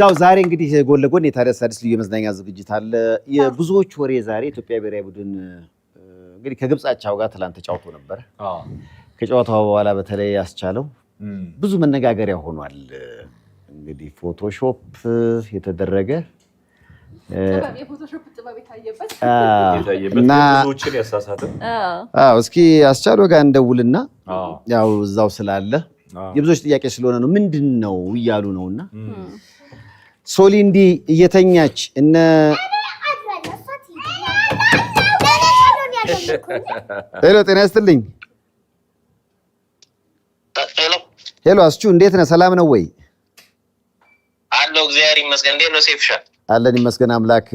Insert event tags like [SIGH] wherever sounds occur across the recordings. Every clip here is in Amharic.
ያው ዛሬ እንግዲህ ጎን ለጎን የታዲያስ አዲስ ልዩ የመዝናኛ ዝግጅት አለ። የብዙዎች ወሬ ዛሬ ኢትዮጵያ ብሔራዊ ቡድን እንግዲህ ከግብጻቻው ጋር ትላንት ተጫውቶ ነበር። ከጨዋታው በኋላ በተለይ ያስቻለው ብዙ መነጋገሪያ ሆኗል። እንግዲህ ፎቶሾፕ የተደረገ እስኪ ያስቻለው ጋር እንደውልና ያው እዛው ስላለ የብዙዎች ጥያቄ ስለሆነ ነው ምንድን ነው እያሉ ነውና ሶሊ እንዲህ እየተኛች እነ ሄሎ፣ ጤና ይስጥልኝ። ሄሎ፣ አስቹ እንዴት ነህ? ሰላም ነው ወይ? አለሁ፣ እግዚአብሔር ይመስገን። እንዴት ነው ሴፍሻ? አለን ይመስገን አምላክ።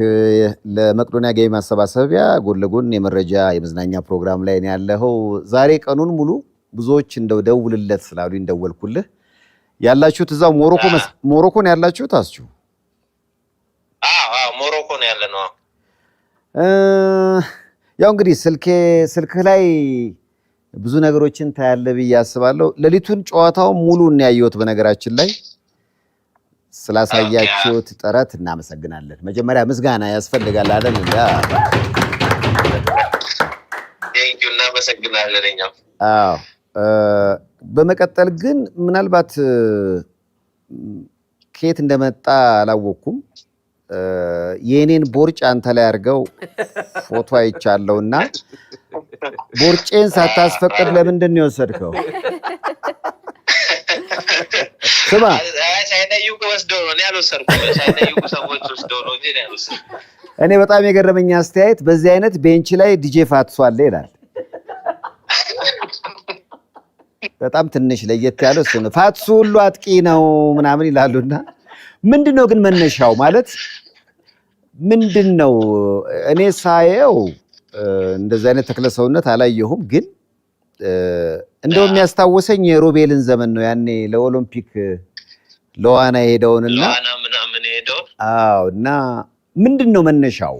ለመቅዶኒያ ገቢ ማሰባሰቢያ ጎን ለጎን የመረጃ የመዝናኛ ፕሮግራም ላይ ነው ያለኸው ዛሬ ቀኑን ሙሉ። ብዙዎች እንደው ደውልለት ስላሉ እንደወልኩልህ። ያላችሁት እዛው ሞሮኮ ሞሮኮን ያላችሁት ያላችሁት አስችሁ ሞሮኮ ነው ያለ ነው። ያው እንግዲህ ስልኬ ስልክህ ላይ ብዙ ነገሮችን ታያለ ብዬ አስባለሁ። ሌሊቱን ጨዋታው ሙሉ እናያየሁት። በነገራችን ላይ ስላሳያችሁት ጥረት እናመሰግናለን። መጀመሪያ ምስጋና ያስፈልጋል አይደል? እናመሰግናለን። አዎ። በመቀጠል ግን ምናልባት ከየት እንደመጣ አላወቅኩም የእኔን ቦርጭ አንተ ላይ አድርገው ፎቶ አይቻለው እና ቦርጬን ሳታስፈቅድ ለምንድን ነው የወሰድከው? ስማ እኔ በጣም የገረመኝ አስተያየት በዚህ አይነት ቤንች ላይ ዲጄ ፋትሶ አለ ይላል። በጣም ትንሽ ለየት ያለው እሱ ነው። ፋትሱ ሁሉ አጥቂ ነው ምናምን ይላሉና ምንድን ነው ግን መነሻው ማለት ምንድን ነው እኔ ሳየው እንደዚህ አይነት ተክለ ሰውነት አላየሁም፣ ግን እንደው የሚያስታውሰኝ የሮቤልን ዘመን ነው። ያኔ ለኦሎምፒክ ለዋና የሄደውንና ምናምን ሄደው። እና ምንድን ነው መነሻው?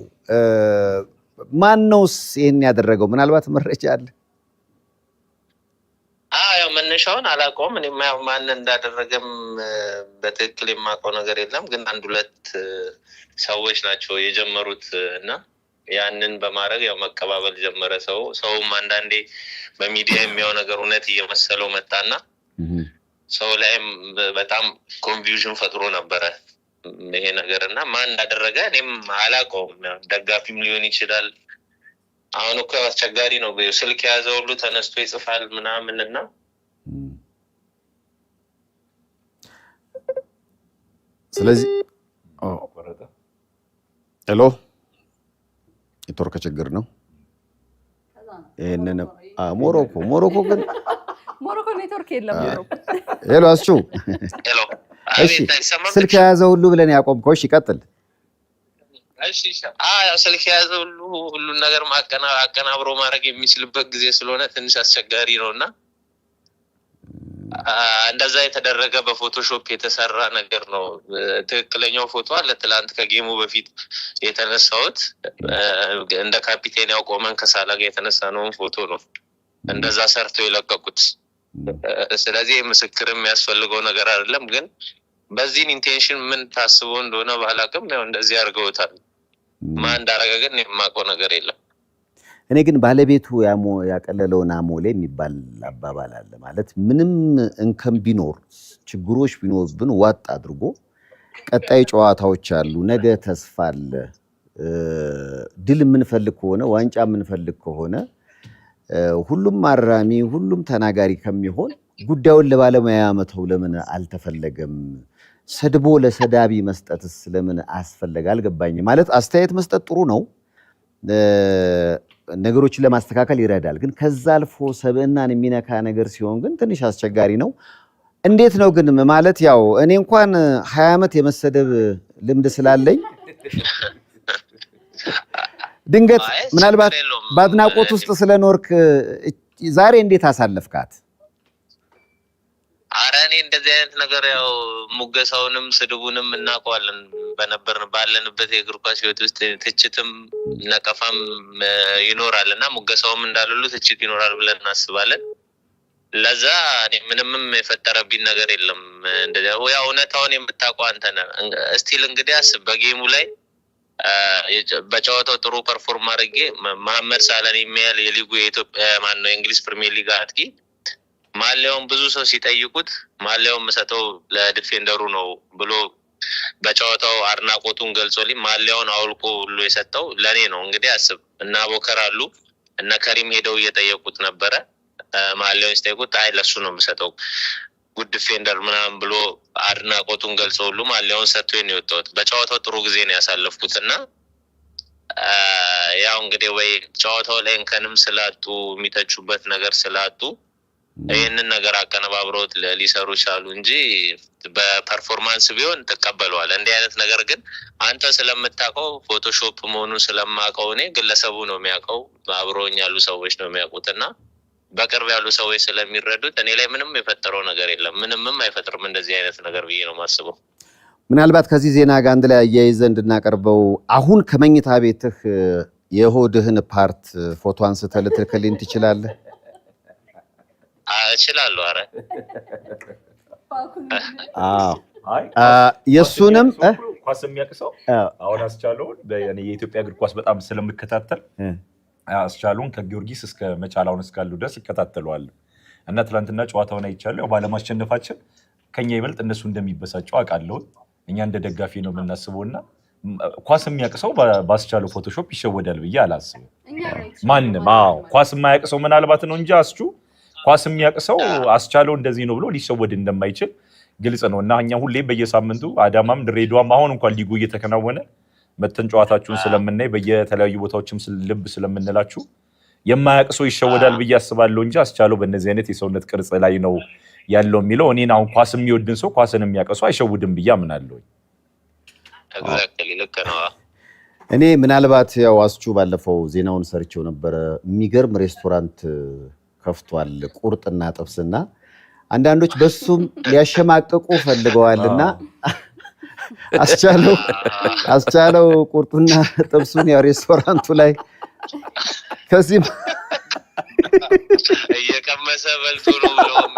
ማን ነውስ ይህን ያደረገው? ምናልባት መረጃ አለ? ያው መነሻውን አላውቀውም። እኔ ያው ማንን እንዳደረገም በትክክል የማውቀው ነገር የለም። ግን አንድ ሁለት ሰዎች ናቸው የጀመሩት እና ያንን በማድረግ ያው መቀባበል ጀመረ ሰው ሰውም አንዳንዴ በሚዲያ የሚያው ነገር እውነት እየመሰለው መጣና ሰው ላይም በጣም ኮንፊውዥን ፈጥሮ ነበረ ይሄ ነገር እና ማን እንዳደረገ እኔም አላውቀውም። ደጋፊም ሊሆን ይችላል አሁን እኮ አስቸጋሪ ነው። ስልክ የያዘ ሁሉ ተነስቶ ይጽፋል ምናምን እና ስለዚህ ሄሎ የቱርክ ችግር ነው። ይህንን ሞሮኮ ሞሮኮ ግን [LAUGHS] ሞሮኮ ኔትወርክ የለም። ሄሎ አስቹ፣ ስልክ የያዘ ሁሉ ብለን ያቆምከው፣ ይቀጥል ስልክ የያዘ ሁሉ ሁሉን ነገር አቀናብሮ ማድረግ የሚችልበት ጊዜ ስለሆነ ትንሽ አስቸጋሪ ነው እና እንደዛ የተደረገ በፎቶሾፕ የተሰራ ነገር ነው። ትክክለኛው ፎቶ አለ። ትላንት ከጌሙ በፊት የተነሳውት እንደ ካፒቴን ያው ቆመን ከሳላጋ ጋር ፎቶ ነው እንደዛ ሰርቶ የለቀቁት። ስለዚህ ምስክር የሚያስፈልገው ነገር አይደለም። ግን በዚህን ኢንቴንሽን ምን ታስቦ እንደሆነ ባላቅም ያው እንደዚህ አድርገውታል። ማን እንዳረገ ግን የማውቀው ነገር የለም። እኔ ግን ባለቤቱ ያቀለለውን አሞሌ የሚባል አባባል አለ። ማለት ምንም እንከም ቢኖር ችግሮች ቢኖርብን ዋጥ አድርጎ ቀጣይ ጨዋታዎች አሉ፣ ነገ ተስፋ አለ፣ ድል የምንፈልግ ከሆነ ዋንጫ የምንፈልግ ከሆነ ሁሉም አራሚ ሁሉም ተናጋሪ ከሚሆን ጉዳዩን ለባለሙያ መተው ለምን አልተፈለገም? ሰድቦ ለሰዳቢ መስጠትስ ለምን አስፈለገ? አልገባኝም። ማለት አስተያየት መስጠት ጥሩ ነው፣ ነገሮችን ለማስተካከል ይረዳል። ግን ከዛ አልፎ ሰብዕናን የሚነካ ነገር ሲሆን ግን ትንሽ አስቸጋሪ ነው። እንዴት ነው ግን ማለት ያው እኔ እንኳን ሀያ ዓመት የመሰደብ ልምድ ስላለኝ ድንገት ምናልባት በአድናቆት ውስጥ ስለኖርክ ዛሬ እንዴት አሳለፍካት? አረ እኔ እንደዚህ አይነት ነገር ያው ሙገሳውንም ስድቡንም እናውቀዋለን። በነበር ባለንበት የእግር ኳስ ሕይወት ውስጥ ትችትም ነቀፋም ይኖራል እና ሙገሳውም እንዳልሉ ትችት ይኖራል ብለን እናስባለን። ለዛ እኔ ምንምም የፈጠረብኝ ነገር የለም። እንደዚያ ያው እውነታውን የምታውቀው አንተ ነህ። እንግዲህ አስብ በጌሙ ላይ በጨዋታው ጥሩ ፐርፎርም አድርጌ መሐመድ ሳለን የሚያል የሊጉ የኢትዮጵያ ማነው የእንግሊዝ ፕሪሚየር ሊግ አጥቂ ማሊያውን ብዙ ሰው ሲጠይቁት ማሊያውን የምሰጠው ለዲፌንደሩ ነው ብሎ በጨዋታው አድናቆቱን ገልጾልኝ ማሊያውን አውልቆ ሁሉ የሰጠው ለእኔ ነው። እንግዲህ አስብ እና ቦከር አሉ እነ ከሪም ሄደው እየጠየቁት ነበረ። ማሊያውን ሲጠይቁት አይ ለሱ ነው የምሰጠው ጉድ ዲፌንደር ምናምን ብሎ አድናቆቱን ገልጾ ሁሉ ማሊያውን ሰጥቶ ነው የወጣሁት። በጨዋታው ጥሩ ጊዜ ነው ያሳለፍኩት እና ያው እንግዲህ ወይ ጨዋታው ላይ እንከንም ስላጡ የሚተቹበት ነገር ስላጡ ይህንን ነገር አቀነባብሮት ሊሰሩ ይቻሉ እንጂ በፐርፎርማንስ ቢሆን ትቀበለዋል። እንዲህ አይነት ነገር ግን አንተ ስለምታውቀው ፎቶሾፕ መሆኑን ስለማውቀው እኔ ግለሰቡ ነው የሚያውቀው፣ አብሮኝ ያሉ ሰዎች ነው የሚያውቁት እና በቅርብ ያሉ ሰዎች ስለሚረዱት እኔ ላይ ምንም የፈጠረው ነገር የለም። ምንምም አይፈጥርም እንደዚህ አይነት ነገር ብዬ ነው የማስበው። ምናልባት ከዚህ ዜና ጋር አንድ ላይ አያይዘ እንድናቀርበው አሁን ከመኝታ ቤትህ የሆድህን ፓርት ፎቶ አንስተህ ልትልክልኝ ትችላለህ? እችላለሁ። ኧረ የእሱንም ኳስ የሚያቅሰው አሁን አስቻለውን የኢትዮጵያ እግር ኳስ በጣም ስለምከታተል አስቻለውን ከጊዮርጊስ እስከ መቻል አሁን እስካሉ ድረስ ይከታተለዋል። እና ትናንትና ጨዋታውን አይቻለሁ። ባለማሸነፋችን ከኛ ይበልጥ እነሱ እንደሚበሳጨው አውቃለሁን። እኛ እንደ ደጋፊ ነው የምናስበው እና ኳስ የሚያቅሰው በአስቻለው ፎቶሾፕ ይሸወዳል ብዬ አላስብም። ማንም ኳስ የማያቅሰው ምናልባት ነው እንጂ አስቹ ኳስ የሚያውቅ ሰው አስቻለው እንደዚህ ነው ብሎ ሊሸወድ እንደማይችል ግልጽ ነው እና እኛ ሁሌ በየሳምንቱ አዳማም ድሬዳዋም አሁን እንኳን ሊጉ እየተከናወነ መተን ጨዋታችሁን ስለምናይ በየተለያዩ ቦታዎችም ልብ ስለምንላችሁ የማያውቅ ሰው ይሸወዳል ብዬ አስባለሁ እንጂ አስቻለው በእነዚህ አይነት የሰውነት ቅርጽ ላይ ነው ያለው የሚለው እኔን አሁን ኳስ የሚወድን ሰው ኳስን የሚያውቅ ሰው አይሸውድም ብዬ አምናለሁ። እኔ ምናልባት ያው አስቹ ባለፈው ዜናውን ሰርቼው ነበረ የሚገርም ሬስቶራንት ከፍቷል። ቁርጥና ጥብስና አንዳንዶች በሱም ሊያሸማቅቁ ፈልገዋልና አስቻለው አስቻለው ቁርጥና ጥብሱን ያው ሬስቶራንቱ ላይ ከዚህ እየቀመሰ በልቶ ነው ብለውም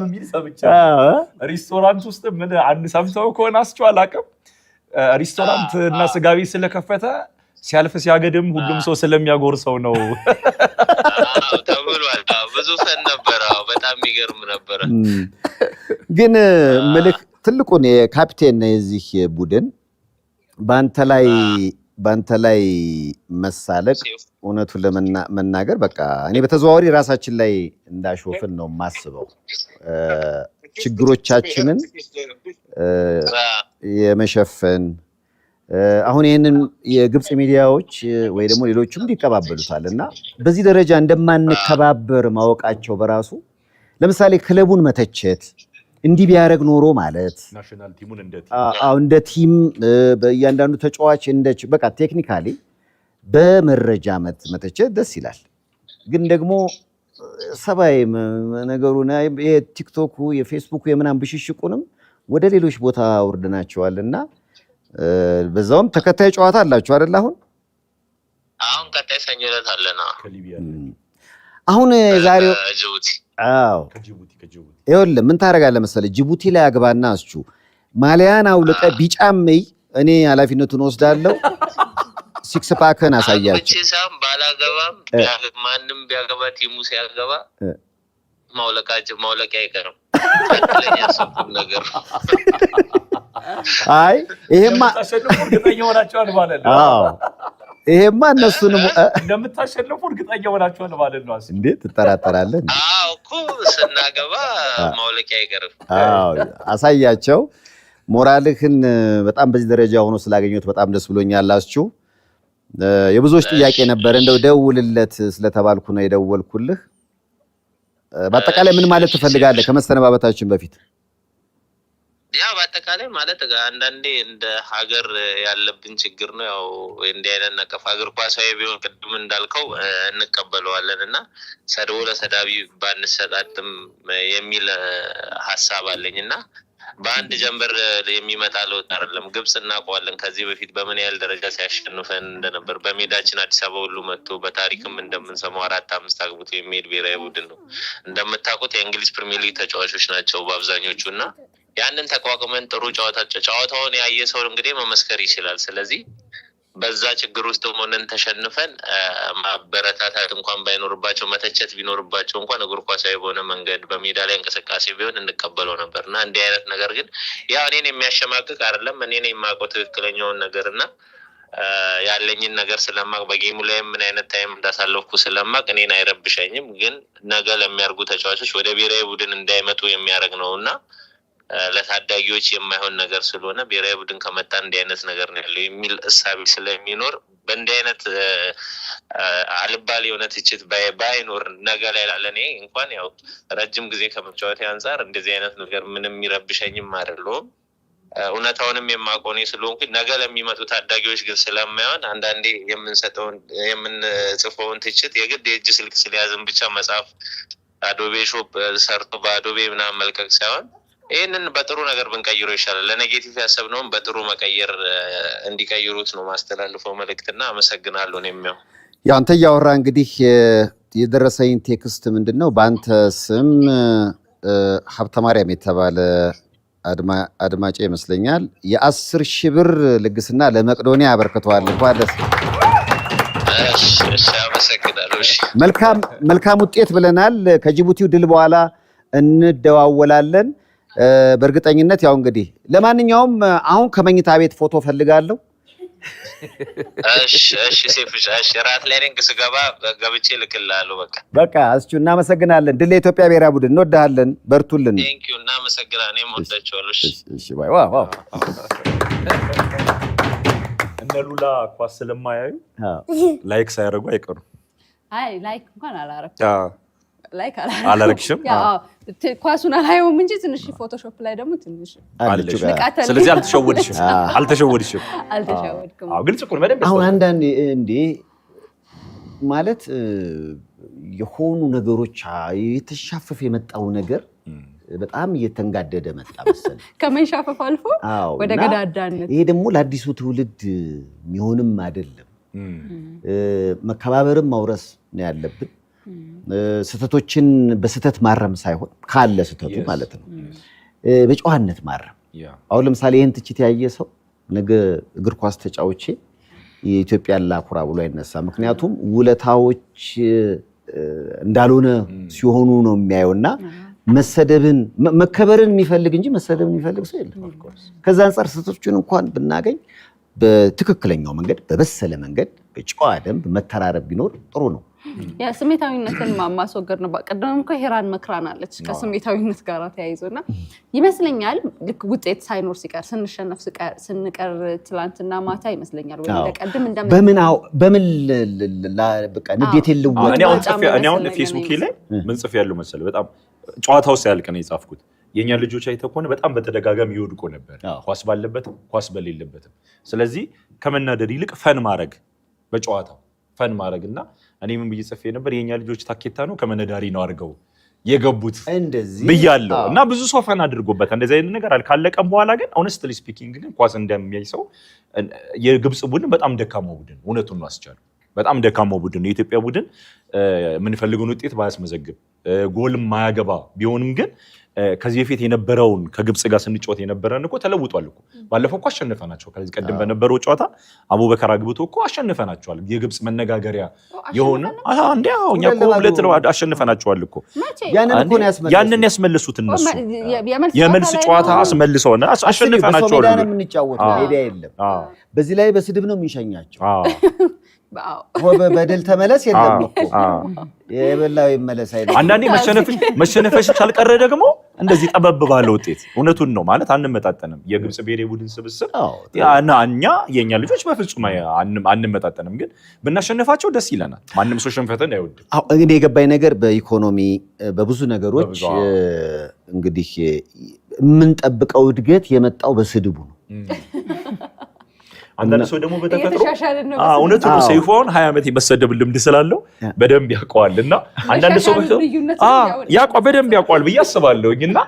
የሚል ሰምቻለሁ። ሬስቶራንት ውስጥ ምን አንድ ሰምተው ከሆነ አስቸው አላውቅም። ሬስቶራንት እና ስጋ ቤት ስለከፈተ ሲያልፍ ሲያገድም ሁሉም ሰው ስለሚያጎርሰው ነው [LAUGHS] ተብሏል። ብዙ ሰን ነበረ። በጣም የሚገርም ነበረ። ግን ምልክ ትልቁን የካፕቴን የዚህ ቡድን በአንተ ላይ በአንተ ላይ መሳለቅ እውነቱን ለመናገር በቃ እኔ በተዘዋዋሪ ራሳችን ላይ እንዳሾፍን ነው የማስበው። ችግሮቻችንን የመሸፈን አሁን ይህንን የግብፅ ሚዲያዎች ወይ ደግሞ ሌሎችም እንዲቀባበሉታል እና በዚህ ደረጃ እንደማንከባበር ማወቃቸው በራሱ ለምሳሌ ክለቡን መተቸት እንዲህ ቢያደረግ ኖሮ ማለት እንደ ቲም በእያንዳንዱ ተጫዋች እንደ በቃ ቴክኒካሊ በመረጃ መተቸት ደስ ይላል። ግን ደግሞ ሰባይ ነገሩ የቲክቶኩ የፌስቡኩ የምናም ብሽሽቁንም ወደ ሌሎች ቦታ አውርደናቸዋል እና በዛውም ተከታይ ጨዋታ አላችሁ አይደል? አሁን አሁን ቀጣይ ሰኞ ዕለት አለና አሁን ዛሬው ጅቡቲ። አዎ ይኸውልህ ምን ታደርጋለህ መሰለህ፣ ጅቡቲ ላይ አግባና አስቹ ማሊያን አውልቀህ ቢጫምይ እኔ ኃላፊነቱን ወስዳለሁ። ሲክስ ፓክን አሳያቸው። ባላገባም ማንም ቢያገባ ቲሙ ሲያገባ ማውለቂያ አይቀርም። ትክክለኛ ሰብኩን ነገር [LAUGHS] አይ ይሄማ ይሄማ እነሱንም እንደምታሸንፉ እርግጠኛ ሆናችኋል ማለት ነው። አስ እንዴ ትጠራጠራለህ? እኮ ስናገባ ማውለቂያ አይቀርም። አሳያቸው። ሞራልህን በጣም በዚህ ደረጃ ሆኖ ስላገኘሁት በጣም ደስ ብሎኛል። ብሎኛላችሁ። የብዙዎች ጥያቄ ነበር፣ እንደው ደውልለት ስለተባልኩ ነው የደወልኩልህ። በአጠቃላይ ምን ማለት ትፈልጋለህ ከመሰነባበታችን በፊት? ያ በአጠቃላይ ማለት አንዳንዴ እንደ ሀገር ያለብን ችግር ነው። ያው እንዲህ አይነት ነቀፋ እግር ኳሳዊ ቢሆን ቅድም እንዳልከው እንቀበለዋለን እና ሰድቦ ለሰዳቢ ባንሰጣጥም የሚል ሀሳብ አለኝ እና በአንድ ጀንበር የሚመጣ ለውጥ አይደለም። ግብጽ እናውቀዋለን ከዚህ በፊት በምን ያህል ደረጃ ሲያሸንፈን እንደነበር በሜዳችን አዲስ አበባ ሁሉ መጥቶ በታሪክም እንደምንሰማው አራት አምስት አግብቶ የሚሄድ ብሔራዊ ቡድን ነው። እንደምታውቁት የእንግሊዝ ፕሪሚየር ሊግ ተጫዋቾች ናቸው በአብዛኞቹ እና ያንን ተቋቁመን ጥሩ ጨዋታ ጨዋታውን ያየ ሰው እንግዲህ መመስከር ይችላል። ስለዚህ በዛ ችግር ውስጥ ሆነን ተሸንፈን ማበረታታት እንኳን ባይኖርባቸው መተቸት ቢኖርባቸው እንኳን እግር ኳሳዊ በሆነ መንገድ በሜዳ ላይ እንቅስቃሴ ቢሆን እንቀበለው ነበር እና እንዲህ አይነት ነገር ግን ያው እኔን የሚያሸማቅቅ አይደለም። እኔን የማውቀው ትክክለኛውን ነገር እና ያለኝን ነገር ስለማቅ በጌሙ ላይ ምን አይነት ታይም እንዳሳለፍኩ ስለማቅ እኔን አይረብሸኝም። ግን ነገ ለሚያርጉ ተጫዋቾች ወደ ብሔራዊ ቡድን እንዳይመጡ የሚያደርግ ነው እና ለታዳጊዎች የማይሆን ነገር ስለሆነ ብሔራዊ ቡድን ከመጣ እንዲህ አይነት ነገር ነው ያለው የሚል እሳቤ ስለሚኖር በእንዲህ አይነት አልባሌ የሆነ ትችት ባይኖር ነገ ላይ ለእኔ እንኳን ያው ረጅም ጊዜ ከመጫወቴ አንጻር እንደዚህ አይነት ነገር ምንም የሚረብሸኝም አይደለሁም። እውነታውንም የማቆኔ እኔ ነገ ለሚመጡ ታዳጊዎች ግን ስለማይሆን አንዳንዴ የምንሰጠውን የምንጽፈውን ትችት የግድ የእጅ ስልክ ስለያዝን ብቻ መጽሐፍ አዶቤ ሾፕ ሰርቶ በአዶቤ ምናምን መልቀቅ ሳይሆን ይህንን በጥሩ ነገር ብንቀይሮ ይሻላል። ለኔጌቲቭ ያሰብነውን በጥሩ መቀየር እንዲቀይሩት ነው ማስተላልፈው መልእክትና አመሰግናለሁ። ነው የሚያው አንተ እያወራ እንግዲህ የደረሰኝ ቴክስት ምንድን ነው? በአንተ ስም ሀብተ ማርያም የተባለ አድማጭ ይመስለኛል የአስር ሺህ ብር ልግስና ለመቅዶኒያ አበርክተዋል። እንኳን መልካም ውጤት ብለናል። ከጅቡቲው ድል በኋላ እንደዋወላለን። በእርግጠኝነት ያው እንግዲህ ለማንኛውም አሁን ከመኝታ ቤት ፎቶ ፈልጋለሁ። እሺ ራት ላይ ነኝ ስገባ ገብቼ እልክልሃለሁ። በቃ በቃ። እስኪ እናመሰግናለን። ድል የኢትዮጵያ ብሔራዊ ቡድን። እንወድሃለን። በርቱልን። ቴንክ እናመሰግናለን። እነ ሉላ ኳስ ስለማያዩ ላይክ ሳያደርጉ አይቀሩም። ላይክ እንኳን አላረኩም። ላይ አላረግሽም። ኳሱን አላየውም እንጂ ትንሽ ፎቶሾፕ ላይ ደግሞ ትንሽ አለችው። ስለዚህ አልተሸወድሽም፣ አልተሸወድሽም፣ አልተሸወድኩም። ግልጽ እኮ ነው። አሁን አንዳንዴ እንዴ ማለት የሆኑ ነገሮች የተሻፈፈ የመጣው ነገር በጣም እየተንጋደደ መጣ መሰለኝ፣ [LAUGHS] ከመንሻፈፍ አልፎ ወደ ገዳዳነት። ይሄ ደግሞ ለአዲሱ ትውልድ የሚሆንም አይደለም። መከባበርም ማውረስ ነው ያለብን ስህተቶችን በስህተት ማረም ሳይሆን ካለ ስህተቱ ማለት ነው በጨዋነት ማረም። አሁን ለምሳሌ ይህን ትችት ያየ ሰው ነገ እግር ኳስ ተጫውቼ የኢትዮጵያ ላኩራ ብሎ አይነሳ። ምክንያቱም ውለታዎች እንዳልሆነ mm. ሲሆኑ ነው የሚያየውና መሰደብን መከበርን የሚፈልግ እንጂ መሰደብን የሚፈልግ ሰው የለም። ከዛ አንጻር ስህተቶችን እንኳን ብናገኝ በትክክለኛው መንገድ በበሰለ መንገድ በጨዋ ደንብ መተራረብ ቢኖር ጥሩ ነው። ስሜታዊነትን ማስወገድ ነው። ቅድም እኮ ሄራን መክራን አለች ከስሜታዊነት ጋር ተያይዞ እና ይመስለኛል ልክ ውጤት ሳይኖር ሲቀር ስንሸነፍ ስንቀር ትላንትና ማታ ይመስለኛል ወይ ቀድም በምን ንዴት የለውሁን ፌስቡክ ላይ ምን ጽፍ ያለው መሰለህ በጣም ጨዋታ ውስጥ ያልቅ ነው የጻፍኩት የእኛ ልጆች አይተህ ከሆነ በጣም በተደጋጋሚ ይወድቁ ነበር፣ ኳስ ባለበትም ኳስ በሌለበትም። ስለዚህ ከመናደድ ይልቅ ፈን ማድረግ በጨዋታው ፈን ማድረግ እና እኔ ምን ብዬ ጽፌ ነበር? የኛ ልጆች ታኬታ ነው ከመነዳሪ ነው አድርገው የገቡት እንደዚህ ብያለሁ። እና ብዙ ሰው ፈን አድርጎበታል። እንደዚህ አይነት ነገር አለ። ካለቀም በኋላ ግን ኦነስትሊ ስፒኪንግ ግን ኳስ እንደሚያይ ሰው የግብፅ ቡድን በጣም ደካማ ቡድን እውነቱን ነው አስቻለው። በጣም ደካማ ቡድን ነው። የኢትዮጵያ ቡድን የምንፈልገውን ውጤት ባያስመዘግብ ጎል ማያገባ ቢሆንም ግን ከዚህ በፊት የነበረውን ከግብፅ ጋር ስንጫወት የነበረን እኮ ተለውጧል እኮ። ባለፈው እኮ አሸንፈናቸው ከዚህ ቀደም በነበረው ጨዋታ አቡበከር አግብቶ እኮ አሸንፈናቸዋል። የግብፅ መነጋገሪያ የሆነ እንዲ እኛ ሁለት ነው አሸንፈናቸዋል እኮ። ያንን ያስመልሱት እነሱ የመልስ ጨዋታ አስመልሰው አሸንፈናቸዋል። የምንጫወተው ሜዳ የለም። በዚህ ላይ በስድብ ነው የሚሸኛቸው። በድል ተመለስ የለም እኮ የበላው ይመለስ። አንዳንዴ መሸነፍሽ ካልቀረ ደግሞ እንደዚህ ጠበብ ባለ ውጤት እውነቱን ነው ማለት አንመጣጠንም። የግብፅ ብሔራዊ ቡድን ስብስብ እኛ የእኛ ልጆች በፍጹም አንመጣጠንም፣ ግን ብናሸንፋቸው ደስ ይለናል። ማንም ሰው ሽንፈትን አይወድም። እንግዲህ የገባኝ ነገር በኢኮኖሚ በብዙ ነገሮች እንግዲህ የምንጠብቀው እድገት የመጣው በስድቡ ነው። አንዳንድ ሰው ደግሞ በተፈጥሮ እውነቱ ነው። ሰይፉ አሁን ሀያ ዓመት የመሰደብ ልምድ ስላለው በደንብ ያውቀዋል እና አንዳንድ ሰው ያውቀዋል በደንብ ያውቀዋል ብዬ አስባለሁኝ እና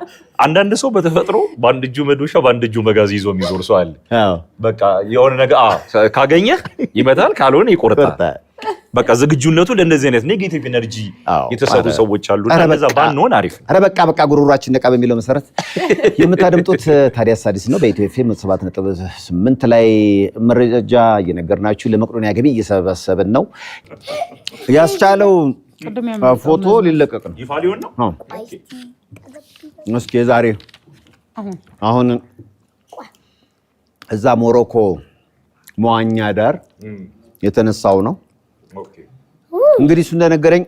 አንዳንድ ሰው በተፈጥሮ በአንድ እጁ መዶሻ በአንድ እጁ መጋዝ ይዞ የሚዞር ሰው አለ። በቃ የሆነ ነገር ካገኘህ ይመታል፣ ካልሆነ ይቆርጣል። በቃ ዝግጁነቱ ለእንደዚህ አይነት ኔጌቲቭ ኤነርጂ የተሰሩ ሰዎች አሉ። ዛ ባንሆን አሪፍ ነው። ኧረ በቃ በቃ ጉሮሯችን ነቃ በሚለው መሰረት የምታደምጡት ታዲያስ አዲስ ነው። በኢትዮ ኤፍ ኤም ሰባት ነጥብ ስምንት ላይ መረጃ እየነገርናችሁ ለመቄዶንያ ገቢ እየሰበሰብን ነው። ያስቻለው ፎቶ ሊለቀቅ ነው። ይፋ ሊሆን ነው። እስኪ የዛሬ አሁን እዛ ሞሮኮ መዋኛ ዳር የተነሳው ነው። እንግዲህ እሱ እንደነገረኝ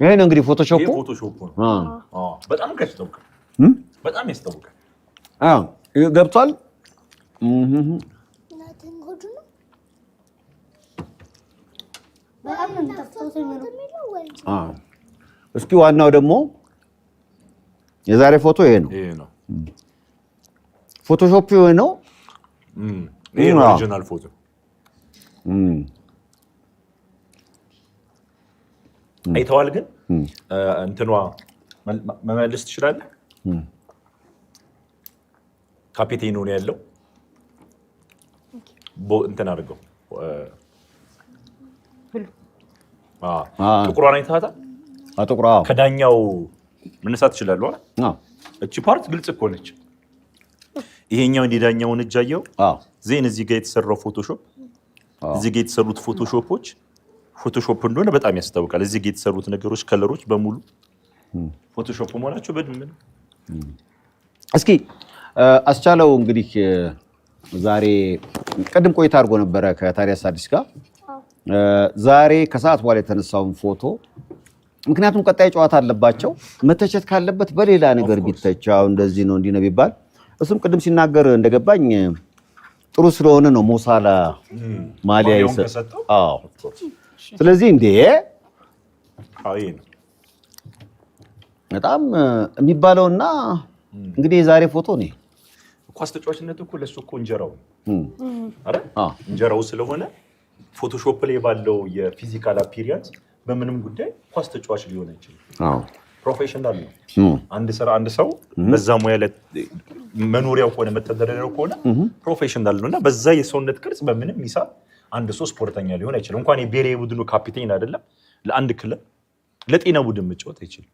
ይሄ ነው እንግዲህ ፎቶሾፑ ገብቷል። እስኪ ዋናው ደግሞ የዛሬ ፎቶ ይሄ ነው። ፎቶሾፕ ነው። Mm. È una regional food. አይተዋል ግን እንትኗ መመለስ ትችላለህ። ካፒቴኖ ነው ያለው። እንትን አድርገው ጥቁሯን አይተሃታል። ከዳኛው መነሳት ትችላለህ። እቺ ፓርት ግልጽ እኮ ነች። ይሄኛው እንዲዳኛውን እጃየው አየው። ዜን እዚህ ጋር የተሰራው ፎቶሾፕ እዚህ ጋር የተሰሩት ፎቶሾፖች ፎቶሾፕ እንደሆነ በጣም ያስታውቃል። እዚህ ጋር የተሰሩት ነገሮች ከለሮች በሙሉ ፎቶሾፕ መሆናቸው ነው። እስኪ አስቻለው እንግዲህ ዛሬ ቅድም ቆይታ አድርጎ ነበረ ከታዲያስ አዲስ ጋር ዛሬ ከሰዓት በኋላ የተነሳውን ፎቶ ምክንያቱም ቀጣይ ጨዋታ አለባቸው። መተቸት ካለበት በሌላ ነገር ቢተቻው እንደዚህ ነው እንዲህ ነው ቢባል እሱም ቅድም ሲናገር እንደገባኝ ጥሩ ስለሆነ ነው ሞሳላ ማሊያ የሰጠው። ስለዚህ እንዴ በጣም የሚባለውና እንግዲህ የዛሬ ፎቶ ነ ኳስ ተጫዋችነት እኮ ለሱ እኮ እንጀራው እንጀራው ስለሆነ ፎቶሾፕ ላይ ባለው የፊዚካል አፒሪያንስ በምንም ጉዳይ ኳስ ተጫዋች ሊሆን አይችልም። ፕሮፌሽናል ነው። አንድ ስራ አንድ ሰው በዛ ሙያ መኖሪያው ከሆነ መተዳደሪያው ከሆነ ፕሮፌሽናል ነው እና በዛ የሰውነት ቅርጽ በምንም ሂሳብ አንድ ሰው ስፖርተኛ ሊሆን አይችልም። እንኳን የብሔራዊ ቡድኑ ካፒቴን አይደለም ለአንድ ክለብ ለጤና ቡድን መጫወት አይችልም።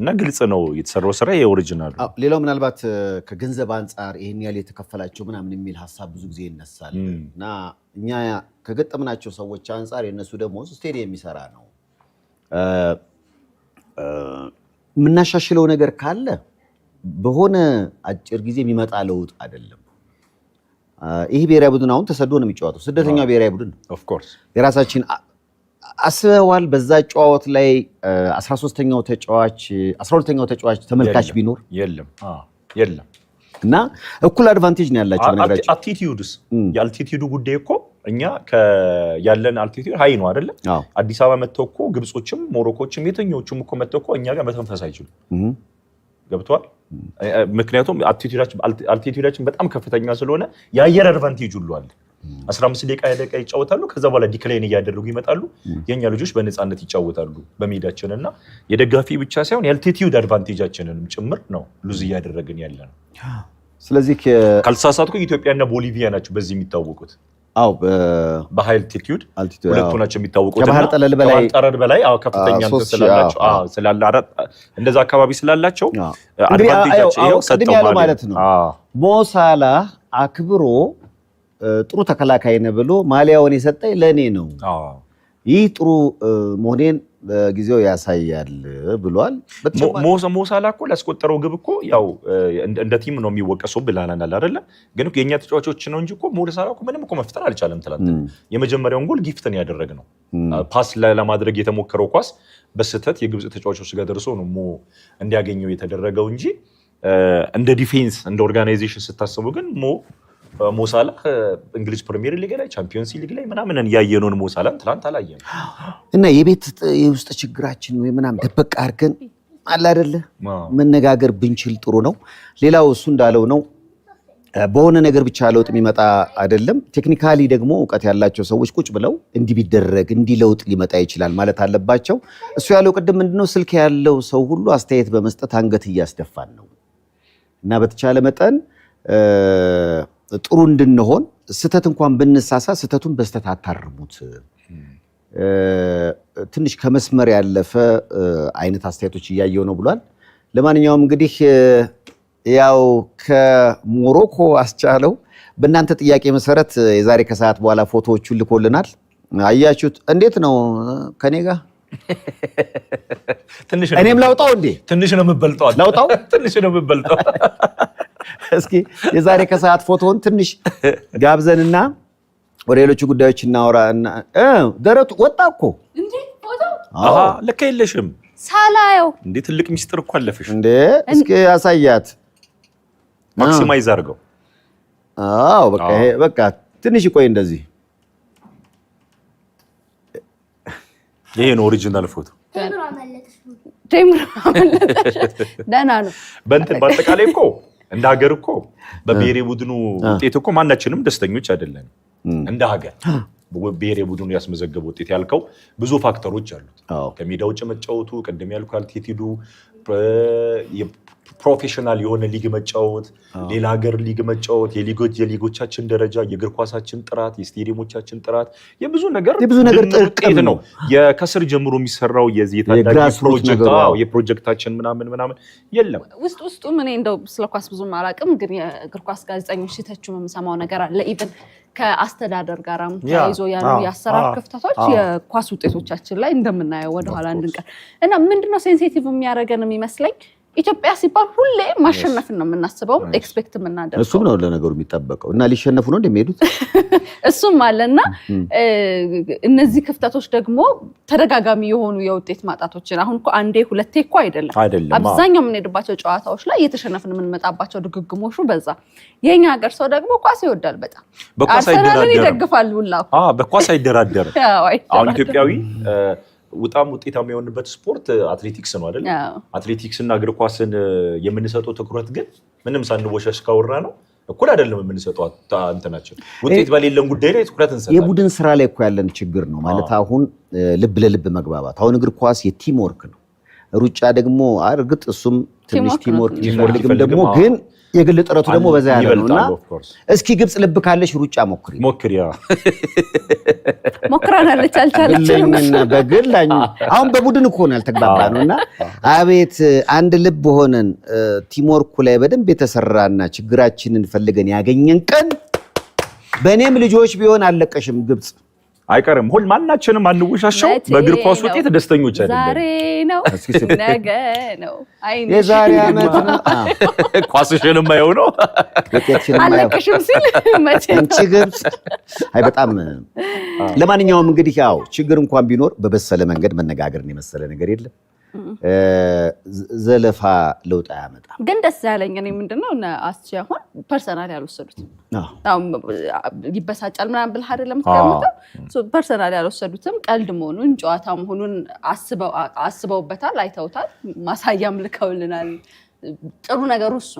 እና ግልጽ ነው የተሰራው ስራ የኦሪጂናሉ። ሌላው ምናልባት ከገንዘብ አንጻር ይህን ያህል የተከፈላቸው ምናምን የሚል ሀሳብ ብዙ ጊዜ ይነሳል እና እኛ ከገጠምናቸው ሰዎች አንጻር የእነሱ ደግሞ ስቴዲየም የሚሰራ ነው የምናሻሽለው ነገር ካለ በሆነ አጭር ጊዜ የሚመጣ ለውጥ አይደለም። ይህ ብሔራዊ ቡድን አሁን ተሰዶ ነው የሚጫወተው። ስደተኛው ብሔራዊ ቡድን ነው። የራሳችን አስበዋል። በዛ ጨዋወት ላይ 13 ሦስተኛው ተጫዋች 12 ሁለተኛው ተጫዋች ተመልካች ቢኖር የለም የለም እና እኩል አድቫንቴጅ ነው ያላቸው። አልቲቲዩድስ የአልቲቲዩዱ ጉዳይ እኮ እኛ ያለን አልቲቲዩድ ሀይ ነው አይደለም። አዲስ አበባ መጥተው እኮ ግብጾችም ሞሮኮችም የትኞቹም እኮ መጥተው እኮ እኛ ጋር መተንፈስ አይችሉም። ገብተዋል። ምክንያቱም አልቲቲዩዳችን በጣም ከፍተኛ ስለሆነ የአየር አድቫንቴጅ ሁሉ አለ። 15 ደቂቃ ደቂቃ ይጫወታሉ። ከዛ በኋላ ዲክላይን እያደረጉ ይመጣሉ። የእኛ ልጆች በነፃነት ይጫወታሉ በሜዳችን እና የደጋፊ ብቻ ሳይሆን የአልቲቲዩድ አድቫንቴጃችንንም ጭምር ነው ሉዝ እያደረግን ያለ ነው። ስለዚህ ካልተሳሳትኩ ኢትዮጵያና ቦሊቪያ ናቸው በዚህ የሚታወቁት። አው በሃይልቲቲዩድ ሁለቱ ናቸው የሚታወቁት። ከባህር ጠለል በላይ ጠረር በላይ አው ከፍተኛ ስላላቸው አው ስላላ አራት እንደዛ አካባቢ ስላላቸው አድቫንቴጃቸው ይሄው ሰጠው ማለት ነው። ሞሳላ አክብሮ ጥሩ ተከላካይ ነው ብሎ ማሊያውን የሰጠኝ ለእኔ ነው። ይህ ጥሩ መሆኔን በጊዜው ያሳያል ብሏል። ሞሳላ እኮ ላስቆጠረው ግብ እኮ ያው እንደ ቲም ነው የሚወቀሰው ብላናናል አይደለ? ግን የእኛ ተጫዋቾች ነው እንጂ እኮ ሞሳላ እኮ ምንም እኮ መፍጠር አልቻለም። ትላንት የመጀመሪያውን ጎል ጊፍትን ያደረግ ነው ፓስ ለማድረግ የተሞከረው ኳስ በስህተት የግብፅ ተጫዋቾች ጋር ደርሶ ነው ሞ እንዲያገኘው የተደረገው እንጂ እንደ ዲፌንስ እንደ ኦርጋናይዜሽን ስታስቡ ግን ሞ ሞሳላ እንግሊዝ ፕሪሚየር ሊግ ላይ ቻምፒዮንስ ሊግ ላይ ምናምን ያየነውን ሞሳላን ትላንት አላየነው እና የቤት የውስጥ ችግራችን ወይ ምናምን ደበቅ አድርገን አለ አይደለ መነጋገር ብንችል ጥሩ ነው። ሌላው እሱ እንዳለው ነው። በሆነ ነገር ብቻ ለውጥ የሚመጣ አይደለም። ቴክኒካሊ ደግሞ እውቀት ያላቸው ሰዎች ቁጭ ብለው እንዲህ ቢደረግ እንዲህ ለውጥ ሊመጣ ይችላል ማለት አለባቸው። እሱ ያለው ቅድም ምንድነው ስልክ ያለው ሰው ሁሉ አስተያየት በመስጠት አንገት እያስደፋን ነው እና በተቻለ መጠን ጥሩ እንድንሆን ስህተት እንኳን ብንሳሳ ስህተቱን በስህተት አታርሙት። ትንሽ ከመስመር ያለፈ አይነት አስተያየቶች እያየው ነው ብሏል። ለማንኛውም እንግዲህ ያው ከሞሮኮ አስቻለው በእናንተ ጥያቄ መሰረት የዛሬ ከሰዓት በኋላ ፎቶዎቹን ልኮልናል። አያችሁት? እንዴት ነው ከኔ ጋር እኔም ላውጣው እንዴ? ትንሽ ነው የምበልጠዋል። ላውጣው ትንሽ ነው የምበልጠዋል። እስኪ የዛሬ ከሰዓት ፎቶውን ትንሽ ጋብዘንና ወደ ሌሎቹ ጉዳዮች እናወራ። ደረቱ ወጣ እኮ ልክ የለሽም ሳላየው እንዴ! ትልቅ ሚስጥር እኮ አለፈሽ እንዴ! እስኪ ያሳያት ማክሲማይዝ አድርገው። አዎ በቃ ይሄ በቃ ትንሽ ቆይ፣ እንደዚህ ይሄ ነው ኦሪጂናል ፎቶ። ደህና ነው በእንትን በአጠቃላይ እኮ እንደ ሀገር እኮ በብሔሬ ቡድኑ ውጤት እኮ ማናችንም ደስተኞች አይደለን። እንደ ሀገር ብሔሬ ቡድኑ ያስመዘገበ ውጤት ያልከው ብዙ ፋክተሮች አሉት። ከሜዳ ውጭ መጫወቱ፣ ቅድም ያልኩ አልቲቲዱ፣ ፕሮፌሽናል የሆነ ሊግ መጫወት፣ ሌላ ሀገር ሊግ መጫወት፣ የሊጎቻችን ደረጃ፣ የእግር ኳሳችን ጥራት፣ የስቴዲየሞቻችን ጥራት፣ የብዙ ነገር የብዙ ነገር ጥቅም ነው። ከስር ጀምሮ የሚሰራው የፕሮጀክታችን ምናምን ምናምን የለም። ውስጥ ውስጡም እኔ እንደው ስለ ኳስ ብዙ አላውቅም፣ ግን የእግር ኳስ ጋዜጠኞች ሲተቹ የምሰማው ነገር አለ ኢቨን ከአስተዳደር ጋር ተያይዞ ያሉ የአሰራር ክፍተቶች የኳስ ውጤቶቻችን ላይ እንደምናየው ወደኋላ እንድንቀር እና ምንድነው ሴንሲቲቭ የሚያደርገን የሚመስለኝ ኢትዮጵያ ሲባል ሁሌ ማሸነፍን ነው የምናስበው፣ ኤክስፔክት የምናደርገው እሱም ነው ለነገሩ የሚጠበቀው እና ሊሸነፉ ነው እንደሚሄዱት [LAUGHS] እሱም አለና እነዚህ ክፍተቶች ደግሞ ተደጋጋሚ የሆኑ የውጤት ማጣቶችን አሁን እኮ አንዴ ሁለቴ እኮ አይደለም አብዛኛው የምንሄድባቸው ጨዋታዎች ላይ እየተሸነፍን የምንመጣባቸው ድግግሞሹ በዛ። የኛ ሀገር ሰው ደግሞ ኳስ ይወዳል በጣም አርሰናልን ይደግፋል ሁላ በኳስ [LAUGHS] አይደራደርም። አሁን ኢትዮጵያዊ በጣም ውጤታ የሚሆንበት ስፖርት አትሌቲክስ ነው አይደል? አትሌቲክስ እና እግር ኳስን የምንሰጠው ትኩረት ግን ምንም ሳንወሸሽ ካወራ ነው እኩል አይደለም የምንሰጠው እንትናቸው ውጤት በሌለን ጉዳይ ላይ ትኩረት እንሰጣለን። የቡድን ስራ ላይ እኮ ያለን ችግር ነው ማለት አሁን ልብ ለልብ መግባባት አሁን እግር ኳስ የቲም ወርክ ነው። ሩጫ ደግሞ እርግጥ እሱም ትንሽ ቲም ወርክ ይፈልግም ደግሞ ግን የግል ጥረቱ ደግሞ በዛ ያለ ነው እና እስኪ ግብፅ ልብ ካለሽ ሩጫ ሞክሪ ሞክሪ። [LAUGHS] ሞክራናለች፣ አልቻለችም። በግል አሁን በቡድን እኮ ነው ያልተግባባ ነው እና አቤት አንድ ልብ ሆነን ቲሞርኩ ላይ በደንብ የተሰራና ችግራችንን ፈልገን ያገኘን ቀን በእኔም ልጆች ቢሆን አለቀሽም ግብፅ አይቀርም ሁል ማናችንም አንወሻሸው። በእግር ኳስ ውጤት ደስተኞች አይደለም። ነው ነገ የዛሬ ዓመት ነው። [LAUGHS] ኳስሽን የማየው ነው አለቅሽም ሲል እንቺ [LAUGHS] ግብፅ። አይ በጣም ለማንኛውም እንግዲህ ያው ችግር እንኳን ቢኖር በበሰለ መንገድ መነጋገርን የመሰለ ነገር የለም። ዘለፋ ለውጥ አያመጣም። ግን ደስ ያለኝ እኔ ምንድነው እነ አሁን ፐርሰናል ያልወሰዱት ይበሳጫል ምናምን ብልህ አይደለም የምትቀምጠው ፐርሰናል ያልወሰዱትም ቀልድ መሆኑን ጨዋታ መሆኑን አስበውበታል፣ አይተውታል፣ ማሳያም ልከውልናል። ጥሩ ነገሩ እሱ